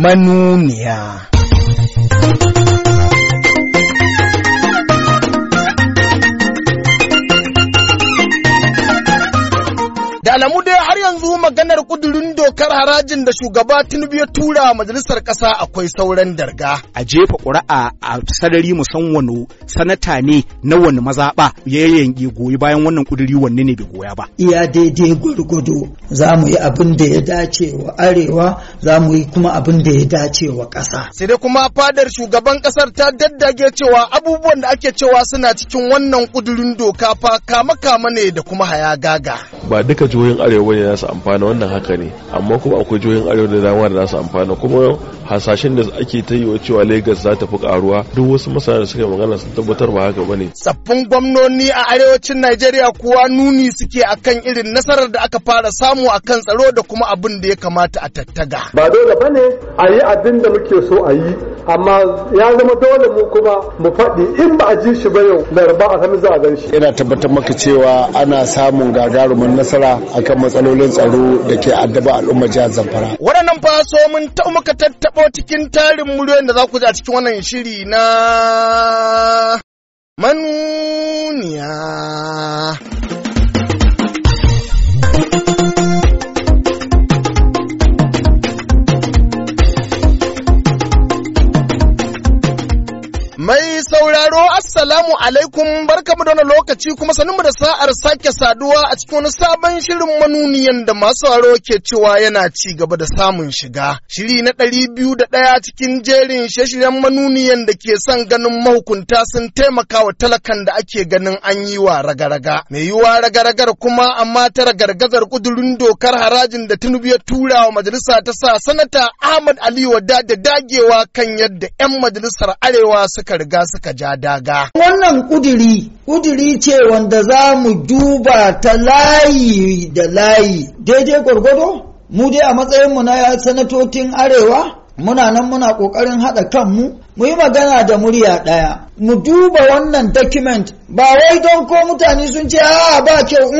manuniya. Da alamu dai har yanzu maganar kudurin dokar harajin da shugaba Tinubu ya tura majalisar ƙasa akwai sauran darga. A jefa ƙuri'a a sarari musamman sanata ne na wani mazaɓa ya yanke goyi bayan wannan kuduri wanne ne bai goya ba. Iya daidai gwargwado za mu yi abin da ya dace wa arewa za mu yi kuma abin da ya dace wa ƙasa. Sai dai kuma fadar shugaban ƙasar ta daddage cewa abubuwan da ake cewa suna cikin wannan kudurin doka fa kama kama ne da kuma gaga Ba duka jihohin arewa ne za su amfana wannan haka ne amma kuma akwai jihohin arewa da dama da za su amfana kuma hasashen da ake ta yi wa cewa Legas za ta fi karuwa duk wasu masana da suka magana sun tabbatar ba haka bane sabbin gwamnoni a arewacin Najeriya kuwa nuni suke akan irin nasarar da aka fara samu akan tsaro da kuma abin da ya kamata a tattaga ba dole bane a yi abin da muke so a yi amma ya zama dole mu kuma mu faɗi in ba a ji shi ba yau laraba a sami za a gan shi ina tabbatar maka cewa ana samun gagarumin nasara akan matsalolin tsaro da ke addaba al'ummar jihar Zamfara. Waɗannan fa so mun ta muka tattaɓo cikin tarin muryoyin da za ku ji a cikin wannan shiri na manuniya. Mai sauraro Assalamu alaikum barkamu da wani lokaci kuma sanin mu da sa'ar sake saduwa a cikin wani sabon shirin manuniyan da masu haro ke cewa yana ci gaba da samun shiga. Shiri na ɗari biyu da ɗaya cikin jerin shirin manuniyan da ke son ganin mahukunta sun taimaka wa talakan da ake ganin an yi wa raga-raga. Mai wa raga-ragar kuma amma ta ragargazar kudurin dokar harajin da Tinubu ya tura wa majalisa ta sa sanata Ahmad Ali Wada da dagewa kan yadda 'yan majalisar Arewa suka suka riga suka ja daga. Wannan kuduri, kuduri ce wanda za mu duba ta layi da layi daidai gwargwado? Mu dai a matsayinmu na sanatocin Arewa, muna nan muna ƙoƙarin haɗa kanmu, mu yi magana da murya ɗaya. Mu duba wannan document ba wai don ko mutane sun ce a ba kyau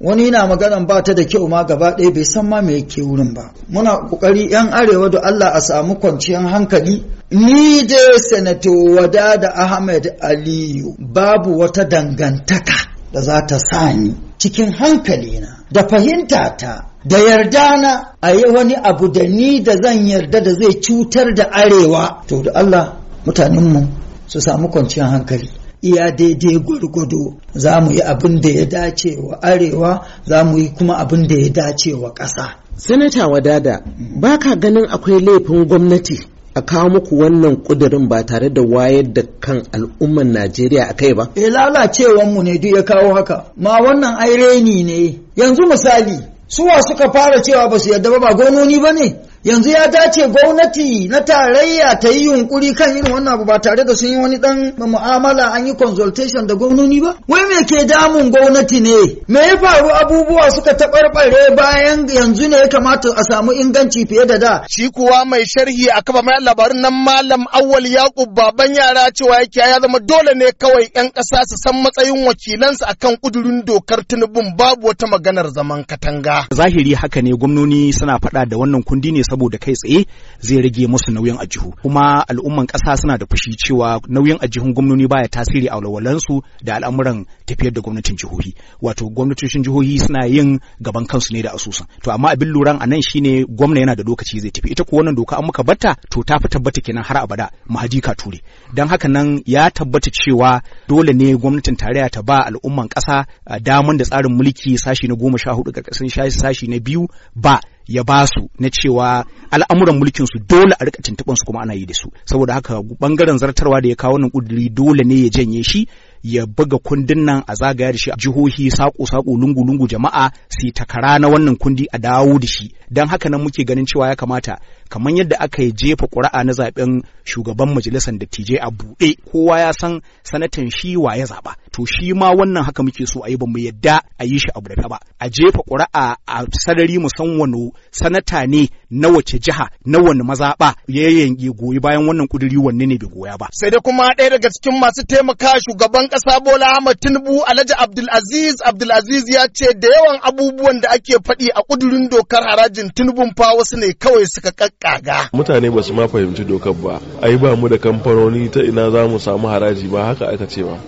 wani na maganan ba ta da kyau ma gaba ɗaya bai san ma me yake wurin ba muna ƙoƙari 'yan arewa da allah a samu kwanciyar hankali ni da senato wada da ahmed aliyu babu wata dangantaka da za ta sani cikin hankalina da fahimta ta da yarda na a yi wani abu da ni da zan yarda da zai cutar da arewa to da allah mutanenmu su samu kwanciyar hankali iya daidai gwargwado za mu yi abin da ya dace wa arewa za mu yi kuma abin da ya dace wa ƙasa. Sanata Wadada, baka ba ka ganin akwai laifin gwamnati a kawo muku wannan kudirin ba tare da wayar da kan al'ummar Najeriya a kai ba? E lalacewan mu ne duk ya kawo haka. Ma wannan aireni ne. Yanzu misali, suwa suka fara cewa ba su yadda ba ba gononi ba ne? yanzu ya dace gwamnati na tarayya ta yi yunkuri kan irin wannan abu ba tare da sun yi wani dan mu'amala an yi consultation da gwamnoni ba wai me ke damun gwamnati ne me ya faru abubuwa suka taɓarɓare bayan yanzu ne ya kamata a samu inganci fiye da da shi kuwa mai sharhi a kafa mai labarin nan malam awwal yaqub baban yara cewa yake ya zama dole ne kawai yan ƙasa su san matsayin wakilansu akan kudurin dokar tinubun babu wata maganar zaman katanga zahiri haka ne gwamnoni suna faɗa da wannan kundi ne saboda kai tsaye zai rage musu nauyin ajihu kuma al'umman kasa suna da fushi cewa nauyin ajihun gwamnoni baya tasiri a walwalansu da al'amuran tafiyar da gwamnatin jihohi wato gwamnatocin jihohi suna yin gaban kansu ne da asusun to amma abin luran a nan shine gwamna yana da lokaci zai tafi ita ko wannan doka an muka bata to ta fi tabbata kenan har abada mahaji ka ture dan haka nan ya tabbata cewa dole ne gwamnatin tarayya ta ba al'umman ƙasa eh, daman da tsarin mulki sashi na goma sha hudu ƙarƙashin sashi na biyu ba ya ba su na cewa al'amuran mulkin su dole a rika tuntuban su kuma ana yi da su saboda haka bangaren zartarwa da ya kawo wannan kuduri dole ne ya janye shi ya buga kundin nan a zagaya da shi a jihohi saƙo saƙo lungu-lungu jama'a su takara na wannan kundi a dawo da shi don haka nan muke ganin cewa ya kamata kamar yadda aka yi jefa ƙuri'a na zaben shugaban majalisar dattijai a buɗe kowa ya san sanatan shi wa ya zaɓa to shi ma wannan haka muke so a yi ba mu yadda a yi shi a buɗe ba a jefa ƙuri'a a sarari mu san wano sanata ne na wace jiha na wani mazaɓa ya yanke goyi bayan wannan ƙuduri wanne ne bai goya ba. Sai dai kuma ɗaya daga cikin masu taimaka shugaban ƙasa Bola Ahmad Tinubu Alhaji Abdulaziz Abdulaziz ya ce da yawan abubuwan da ake faɗi a kudurin dokar harajin Tinubun fa wasu ne kawai suka kakkaga. Mutane ba su ma fahimci dokar ba. Ai ba mu da kamfanoni ta ina za mu samu haraji ba haka aka ce ba.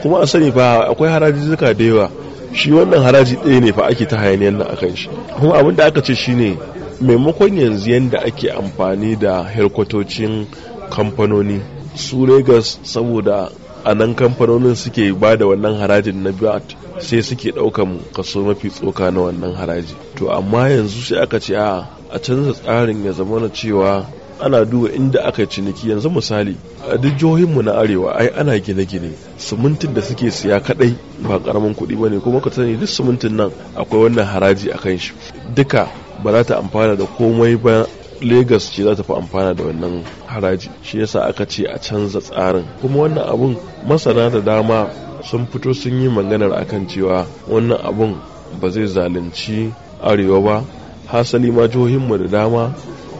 Kuma a sani fa akwai haraji zuka da yawa. Shi wannan haraji ɗaya ne fa ake ta hayaniyar nan akan shi. Kuma abin da aka ce shine maimakon yanzu yadda ake amfani da herkwatocin kamfanoni su Legas saboda a nan kamfanonin suke ba da wannan harajin na VAT sai suke ɗaukan kaso mafi tsoka na wannan haraji to amma yanzu sai aka ce a a canza tsarin ya zama na cewa ana duba inda aka ciniki yanzu misali a duk jihohinmu na arewa ai ana gine-gine simintin da suke siya kadai ba karamin kuɗi ba ne kuma ka sani duk simintin nan akwai wannan haraji a kan shi duka ba za ta amfana da komai ba Legas ce za ta fi amfana da wannan haraji shi yasa aka ce a canza tsarin kuma wannan abun masana da dama sun fito sun yi maganar akan cewa wannan abun ba zai zalunci arewa ba hasali ma jihohinmu da dama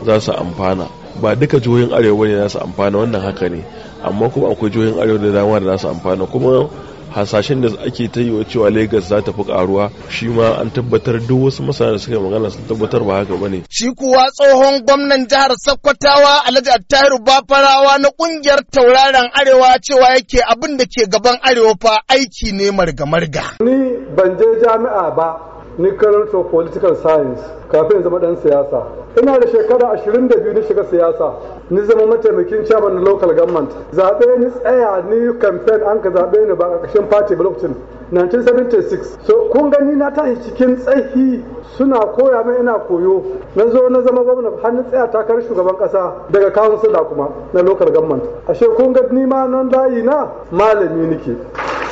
za su amfana ba duka jihohin arewa ne za su amfana wannan haka ne amma kuma akwai jihohin arewa da dama da za su amfana kuma hasashen da ake ta yi cewa Legas za ta fi karuwa shi ma an tabbatar duk wasu masana da suka magana sun tabbatar ba haka bane. Shi kuwa tsohon gwamnan jihar Sokotawa Alhaji Attahiru Bafarawa na kungiyar tauraron Arewa cewa yake abin da ke gaban Arewa fa aiki ne marga-marga. Ni ban je jami'a ba ni current political science kafin zama dan siyasa ina da shekara 22 na shiga siyasa ni zama mataimakin chairman na local government zaɓe ni tsaya ni campaign an ka zaɓe ni ba ƙarƙashin party blockchain 1976 so kun gani na tashi cikin tsahi suna koya mai ina koyo na zo na zama gwamna har ni tsaya takarar shugaban ƙasa daga da kuma na local government ashe kun gani ma nan dayi na malami nike.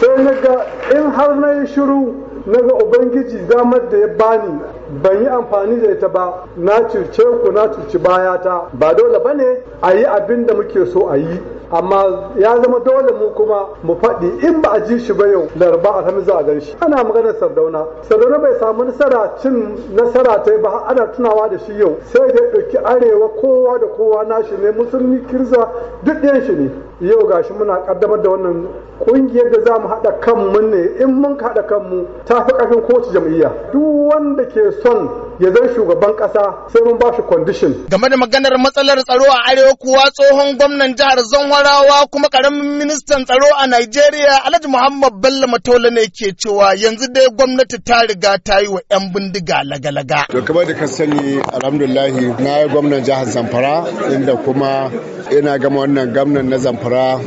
sai na ga in har na yi shiru na ga ubangiji damar da ya bani ban yi amfani da ita ba na circe ku na circi bayata ba dole bane a yi abin da muke so a yi amma ya zama dole mu kuma mu faɗi in ba a ji shi ba yau laraba a za a gan shi ana maganar sardauna sardauna bai samu nasara cin nasara ta ba ana tunawa da shi yau sai da ɗauki arewa kowa da kowa nashi ne musulmi kirza duk ɗayan shi ne yau gashi muna kaddamar da wannan kungiyar da za mu haɗa kanmu ne in mun haɗa kanmu ta fi ƙarfin kowace jam'iyya duk wanda ke son ya zai shugaban ƙasa sai mun ba shi condition. Game da maganar matsalar tsaro a Arewa kuwa tsohon gwamnan jihar Zanwarawa kuma karamin ministan tsaro a Najeriya Alhaji Muhammad Bello Matola ne ke cewa yanzu dai gwamnati ta riga ta yi wa 'yan bindiga lagalaga. To kamar da ka sani alhamdulillah na yi gwamnan jihar Zamfara inda kuma ina gama wannan gwamnan na Zamfara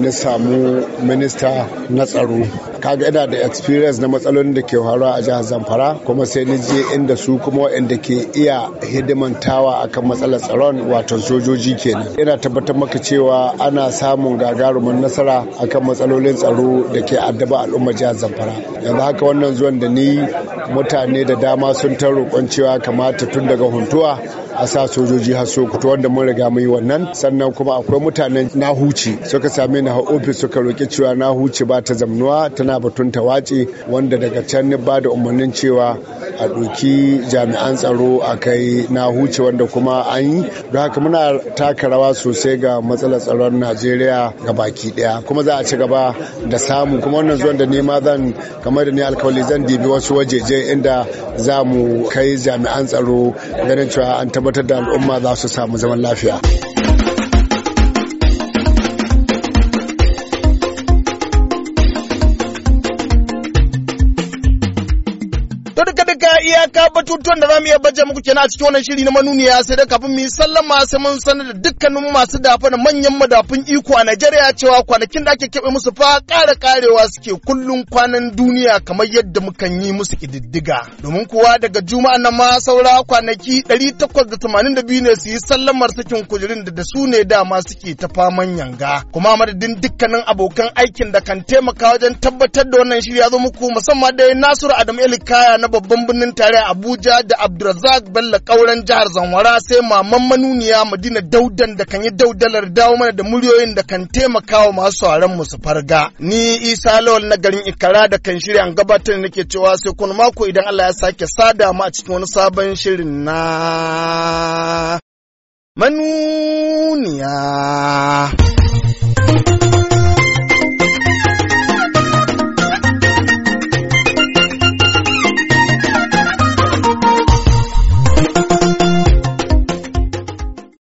na samu minista na tsaro kaga ina da experience na matsalolin da ke faruwa a jihar zamfara kuma sai ni je inda su kuma waɗanda ke iya hidimantawa akan matsalar tsaron wato sojoji kenan yana tabbatar maka cewa ana samun gagarumin nasara akan matsalolin tsaro da ke addaba al'ummar jihar zamfara yanzu haka wannan zuwan da ni mutane da dama sun ta roƙon cewa kamata tun daga huntuwa a sa sojoji har sokoto wanda mun riga mu yi wannan sannan kuma akwai mutanen na huci suka same ni ofis suka roki cewa na huce ba ta zamnuwa tana batun ta wace wanda daga can ni ba da umarnin cewa a doki jami'an tsaro a kai na huce wanda kuma an yi don haka muna taka rawa sosai ga matsalar tsaron najeriya ga baki ɗaya kuma za a ci gaba da samu kuma wannan zuwan da nema zan kamar da ni alkawali zan dibi wasu wajeje inda za mu kai jami'an tsaro ganin cewa an tabbatar da al'umma za su samu zaman lafiya. iyaka batutuwan da za mu iya baje muku kenan a cikin wannan shiri na manuniya sai da kafin mu yi sallama sai mun sanar da dukkanin masu dafa da manyan madafun iko a Najeriya cewa kwanakin da ake keɓe musu fa ƙara ƙarewa suke kullum kwanan duniya kamar yadda mukan yi musu ƙididdiga. Domin kuwa daga juma'a na ma saura kwanaki 882 ne su yi sallamar sakin kujerun da su ne dama suke ta faman yanga. Kuma madadin dukkanin abokan aikin da kan taimaka wajen tabbatar da wannan shiri ya zo muku musamman dai Nasiru Adam kaya na babban birnin tare Abuja da Abdulrazak Bello kauren jihar Zamwara sai maman manuniya Madina Daudan da kan yi daudalar dawo mana da muryoyin da kan taimaka wa masu sauraron mu su farga. Ni Isa Lawal na garin Ikara da kan shirya an gabatar nake cewa sai kun mako idan Allah ya sake sada mu a cikin wani sabon shirin na manuniya.